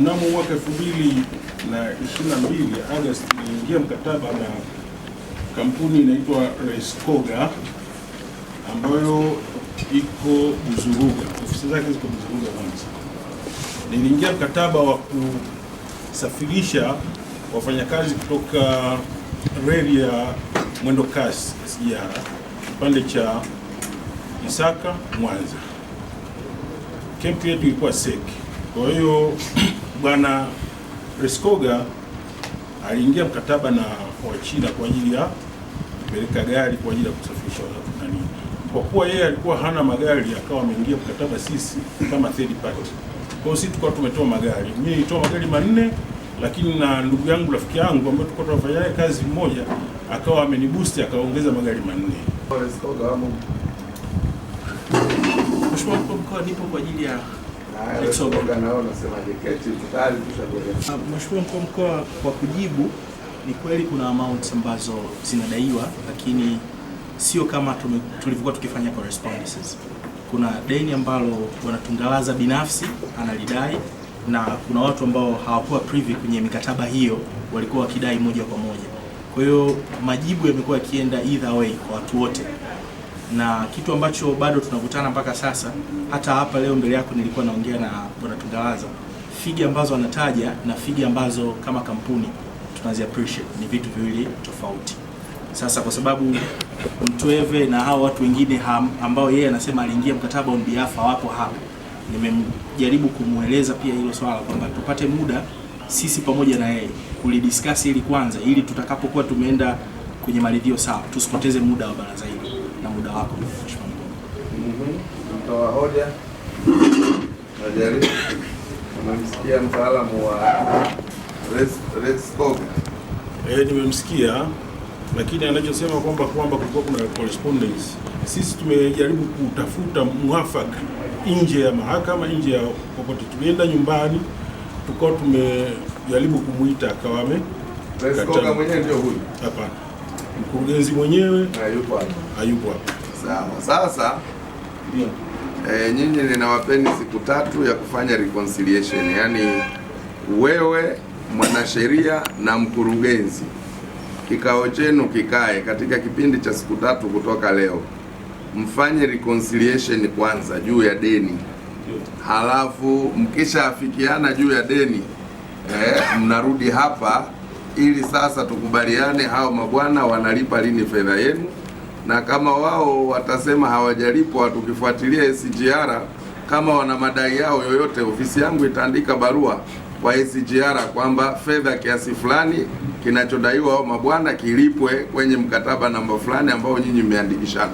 mnamo mwaka 2022 August niliingia mkataba na kampuni inaitwa Racecoga ambayo iko Buzuruga, ofisi zake ziko Buzuruga. Kwanza niliingia mkataba wa kusafirisha wafanyakazi kutoka reli ya mwendo kasi SGR kipande cha Isaka Mwanza. Kempu yetu ilikuwa Seki, kwa hiyo Bwana rescoga aliingia mkataba na Wachina kwa ajili ya kupeleka gari kwa ajili ya kusafirisha nani. Kwa kuwa yeye alikuwa hana magari, akawa ameingia mkataba sisi kama third party. Kwa hiyo sisi tukawa tumetoa magari, mimi nilitoa magari manne, lakini na ndugu yangu rafiki yangu ambaye tulikuwa tunafanya naye kazi mmoja, akawa ameniboost akaongeza magari manne. Mheshimiwa Mkuu wa Mkoa, nipo kwa ajili ya Ah, mheshimiwa Mkuu wa Mkoa, kwa kujibu ni kweli kuna amount ambazo zinadaiwa, lakini sio kama tulivyokuwa tukifanya correspondences. Kuna deni ambalo wanatungalaza binafsi analidai na kuna watu ambao hawakuwa privy kwenye mikataba hiyo, walikuwa wakidai moja kwa moja. Kwa hiyo majibu yamekuwa yakienda either way kwa watu wote na kitu ambacho bado tunakutana mpaka sasa. Hata hapa leo mbele yako nilikuwa naongea na bwana Tungawaza, figi ambazo anataja na figi ambazo kama kampuni tunazi appreciate ni vitu viwili tofauti. Sasa kwa sababu Mtweve na hao watu wengine ambao yeye anasema aliingia mkataba on behalf wapo hapa, nimejaribu kumweleza pia hilo swala kwamba tupate muda sisi pamoja na yeye kulidiscuss ili kwanza, ili tutakapokuwa tumeenda kwenye maridhio sawa, tusipoteze muda wa baraza hili na muda wako mheshimiwa mgogo. Mtoa hoja najaribu mtaalamu wa Resco. Eh, nimemsikia lakini anachosema kwamba kwamba kulikuwa kuna correspondence, sisi tumejaribu kutafuta mwafaka nje ya mahakama, nje ya popote. Tulienda nyumbani tukao, tumejaribu kumwita huyu. Hapana. mkurugenzi mwenyewe na yupo hapa hayupo hapa. Sawa. Sasa yeah. E, nyinyi ninawapeni siku tatu ya kufanya reconciliation, yaani wewe mwanasheria na mkurugenzi, kikao chenu kikae katika kipindi cha siku tatu kutoka leo, mfanye reconciliation kwanza juu ya deni, halafu mkishaafikiana juu ya deni eh, mnarudi hapa ili sasa tukubaliane hao mabwana wanalipa lini fedha yenu na kama wao watasema hawajalipwa, tukifuatilia SGR kama wana madai yao yoyote, ofisi yangu itaandika barua kwa SGR kwamba fedha kiasi fulani kinachodaiwa hao mabwana kilipwe kwenye mkataba namba fulani ambao nyinyi mmeandikishana.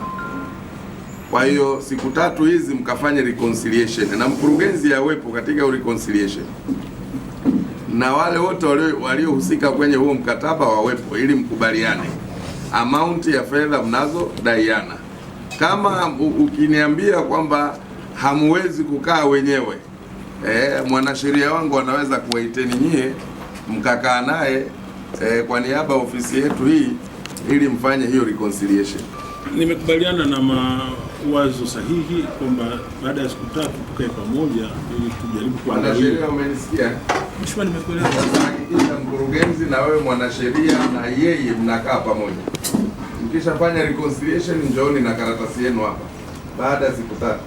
Kwa hiyo siku tatu hizi mkafanye reconciliation, na mkurugenzi awepo katika reconciliation, na wale wote waliohusika kwenye huo mkataba wawepo, ili mkubaliane amount ya fedha mnazo daiana. Kama ukiniambia kwamba hamwezi kukaa wenyewe e, mwanasheria wangu anaweza kuwaiteni nyie mkakaa naye e, kwa niaba ya ofisi yetu hii ili mfanye hiyo reconciliation. Nimekubaliana na mawazo sahihi kwamba baada ya siku tatu tukae pamoja ili tujaribu kuangalia. Umenisikia mheshimiwa? Nimekuelewa. Hakikisha mkurugenzi na wewe mwanasheria na yeye mnakaa pamoja mkishafanya reconciliation njooni na karatasi yenu hapa baada ya siku tatu.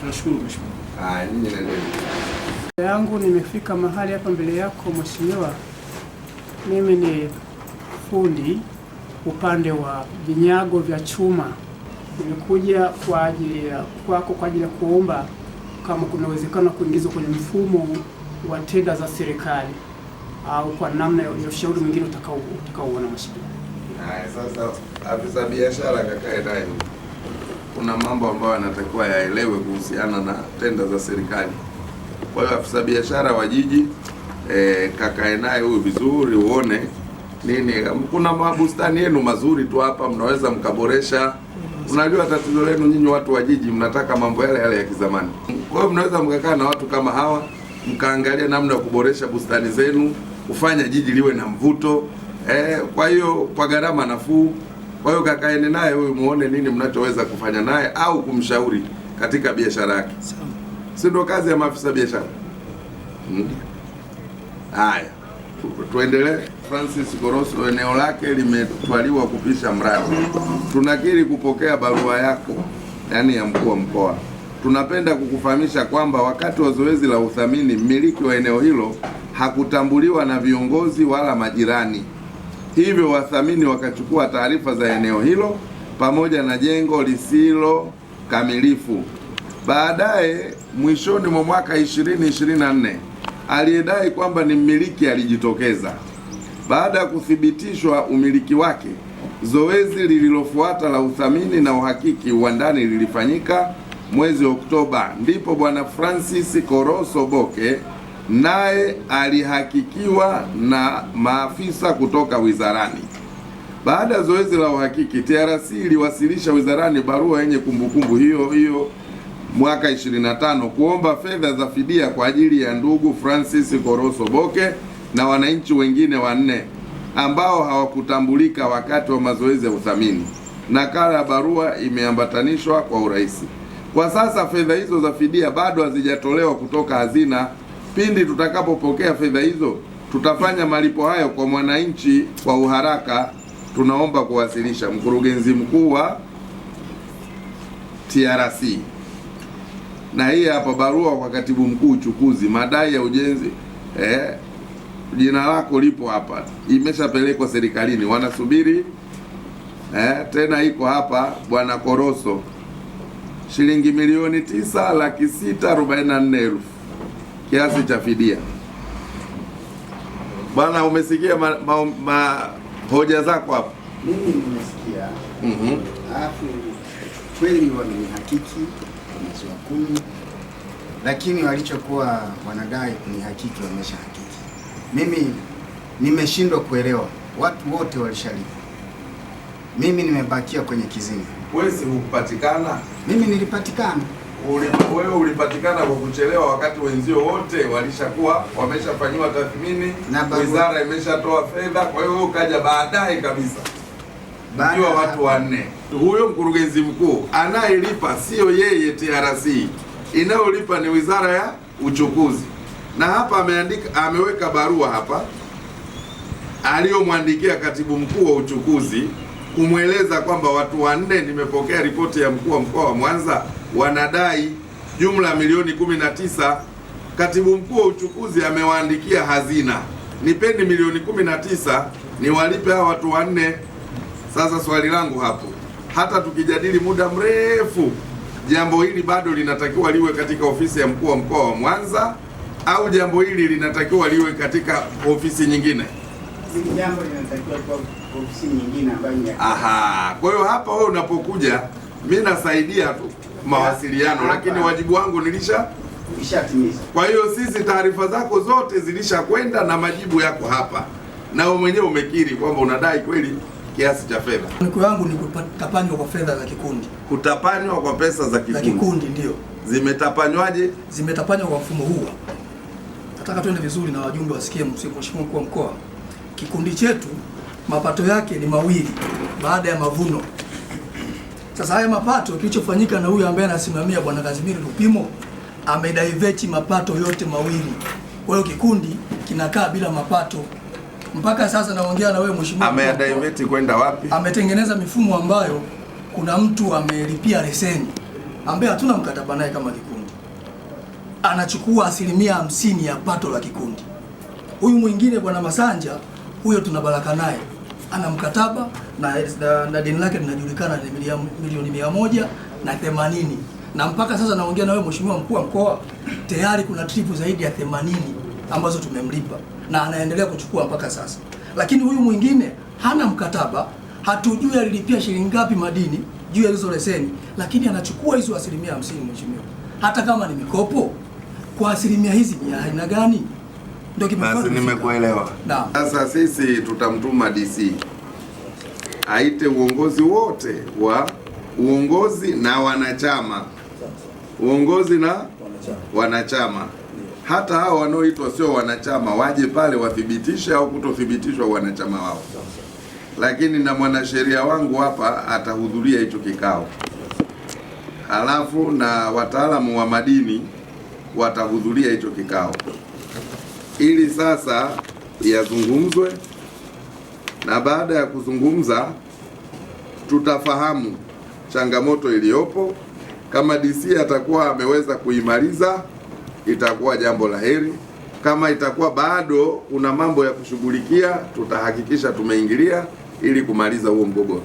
Tunashukuru mheshimiwa. Ah, nyinyi ndio yangu. Nimefika mahali hapa mbele yako mheshimiwa, mimi ni fundi upande wa vinyago vya chuma. Nimekuja kwa ajili ya kwako kwa ajili ya kuomba kama kuna uwezekano kuingizwa kwenye mfumo wa tenda za serikali au kwa namna ya ushauri mwingine utakaouona mheshimiwa. Haya, sasa afisa biashara kakae naye, kuna mambo ambayo anatakiwa yaelewe kuhusiana na tenda za serikali. Kwa hiyo afisa biashara wa jiji e, kakae naye huyu vizuri, uone nini. Kuna mabustani yenu mazuri tu hapa, mnaweza mkaboresha. Unajua tatizo lenu nyinyi watu wa jiji, mnataka mambo yale yale ya kizamani. Kwa hiyo mnaweza mkakaa na watu kama hawa mkaangalia namna ya kuboresha bustani zenu, kufanya jiji liwe na mvuto eh, kwa hiyo kwa gharama nafuu. Kwa hiyo kakaeni naye huyu muone nini mnachoweza kufanya naye au kumshauri katika biashara yake, si ndio kazi ya maafisa biashara? Hmm? Haya, Tuendelee. Francis Goroso, eneo lake limetwaliwa kupisha mradi. Tunakiri kupokea barua yako, yaani ya mkuu wa mkoa. Tunapenda kukufahamisha kwamba wakati wa zoezi la uthamini, mmiliki wa eneo hilo hakutambuliwa na viongozi wala majirani. Hivyo wathamini wakachukua taarifa za eneo hilo pamoja na jengo lisilo kamilifu. Baadaye mwishoni mwa mwaka 2024 aliyedai kwamba ni mmiliki alijitokeza. Baada ya kuthibitishwa umiliki wake, zoezi lililofuata la uthamini na uhakiki wa ndani lilifanyika mwezi Oktoba, ndipo bwana Francis Koroso Boke naye alihakikiwa na maafisa kutoka wizarani. Baada ya zoezi la uhakiki, TRC iliwasilisha wizarani barua yenye kumbukumbu hiyo hiyo mwaka 25 kuomba fedha za fidia kwa ajili ya ndugu Francis Koroso Boke na wananchi wengine wanne ambao hawakutambulika wakati wa mazoezi ya uthamini. Nakala ya barua imeambatanishwa kwa urahisi. Kwa sasa fedha hizo za fidia bado hazijatolewa kutoka hazina Pindi tutakapopokea fedha hizo, tutafanya malipo hayo kwa mwananchi kwa uharaka. Tunaomba kuwasilisha. Mkurugenzi mkuu wa TRC. Na hii hapa barua kwa katibu mkuu uchukuzi, madai ya ujenzi eh, jina lako lipo hapa, imeshapelekwa serikalini, wanasubiri eh, tena iko hapa bwana Koroso, shilingi milioni tisa laki sita arobaini na nne elfu kiasi cha fidia. Bwana, umesikia ma, ma, ma hoja zako hapo. Mimi nimesikia mm alafu Kweli wamenihakiki mwezi wa kumi, lakini walichokuwa wanadai kunihakiki wameshahakiki. Mimi nimeshindwa kuelewa, watu wote walishalipa, mimi nimebakia kwenye kizima Wewe si hukupatikana? Mimi nilipatikana wewe ulipatikana kwa kuchelewa wakati wenzio wote walishakuwa wameshafanyiwa tathmini, wizara imeshatoa fedha. Kwa hiyo ukaja baadaye kabisa ukiwa watu wanne. Huyo mkurugenzi mkuu anayelipa siyo yeye, TRC inayolipa ni wizara ya uchukuzi, na hapa ameandika, ameweka barua hapa aliyomwandikia katibu mkuu wa uchukuzi kumweleza kwamba watu wanne, nimepokea ripoti ya mkuu wa mkoa wa Mwanza wanadai jumla milioni 19. Katibu mkuu wa uchukuzi amewaandikia hazina, nipeni milioni 19 niwalipe hawa watu wanne. Sasa swali langu hapo, hata tukijadili muda mrefu jambo hili bado linatakiwa liwe katika ofisi ya mkuu wa mkoa wa Mwanza au jambo hili linatakiwa liwe katika ofisi nyingine? Jambo linatakiwa kwa ofisi nyingine ambayo. Aha, kwa hiyo hapa wewe unapokuja, mimi nasaidia tu mawasiliano, lakini wajibu wangu nilisha nishatimiza. Kwa hiyo sisi taarifa zako zote zilishakwenda na majibu yako hapa, na wewe mwenyewe umekiri kwamba unadai kweli kiasi cha fedha. Mwiko yangu ni kutapanywa kwa fedha za kikundi, kutapanywa kwa pesa za kikundi, kikundi ndio zimetapanywaje? Zimetapanywa kwa mfumo huu. Nataka tuende vizuri na wajumbe wasikie, Mheshimiwa Mkuu wa Mkoa, kikundi chetu mapato yake ni mawili baada ya mavuno. Sasa haya mapato, kilichofanyika na huyu ambaye anasimamia bwana Kazimiri Lupimo amedaiveti mapato yote mawili, kwa hiyo kikundi kinakaa bila mapato mpaka sasa. Naongea na wewe mheshimiwa, amedivert kwenda wapi? Ametengeneza mifumo ambayo kuna mtu amelipia leseni ambaye hatuna mkataba naye kama kikundi, anachukua asilimia hamsini ya pato la kikundi. Huyu mwingine bwana Masanja, huyo tuna baraka naye ana mkataba na, na, na deni lake linajulikana ni milioni mia moja na themanini na mpaka sasa naongea na wewe mheshimiwa mkuu wa mkoa, tayari kuna tripu zaidi ya themanini ambazo tumemlipa na anaendelea kuchukua mpaka sasa. Lakini huyu mwingine hana mkataba, hatujui alilipia shilingi ngapi madini juu ya hizo leseni, lakini anachukua hizo asilimia hamsini. Mheshimiwa, hata kama ni mikopo kwa asilimia hizi ni aina gani? ndio Basi nimekuelewa. Sasa sisi tutamtuma DC aite uongozi wote wa uongozi na wanachama, uongozi na wanachama, wanachama. Hata hao wanaoitwa sio wanachama waje pale wathibitishe au kutothibitishwa wanachama wao, lakini na mwanasheria wangu hapa atahudhuria hicho kikao, halafu na wataalamu wa madini watahudhuria hicho kikao ili sasa yazungumzwe, na baada ya kuzungumza tutafahamu changamoto iliyopo. Kama DC atakuwa ameweza kuimaliza itakuwa jambo la heri. Kama itakuwa bado kuna mambo ya kushughulikia, tutahakikisha tumeingilia ili kumaliza huo mgogoro.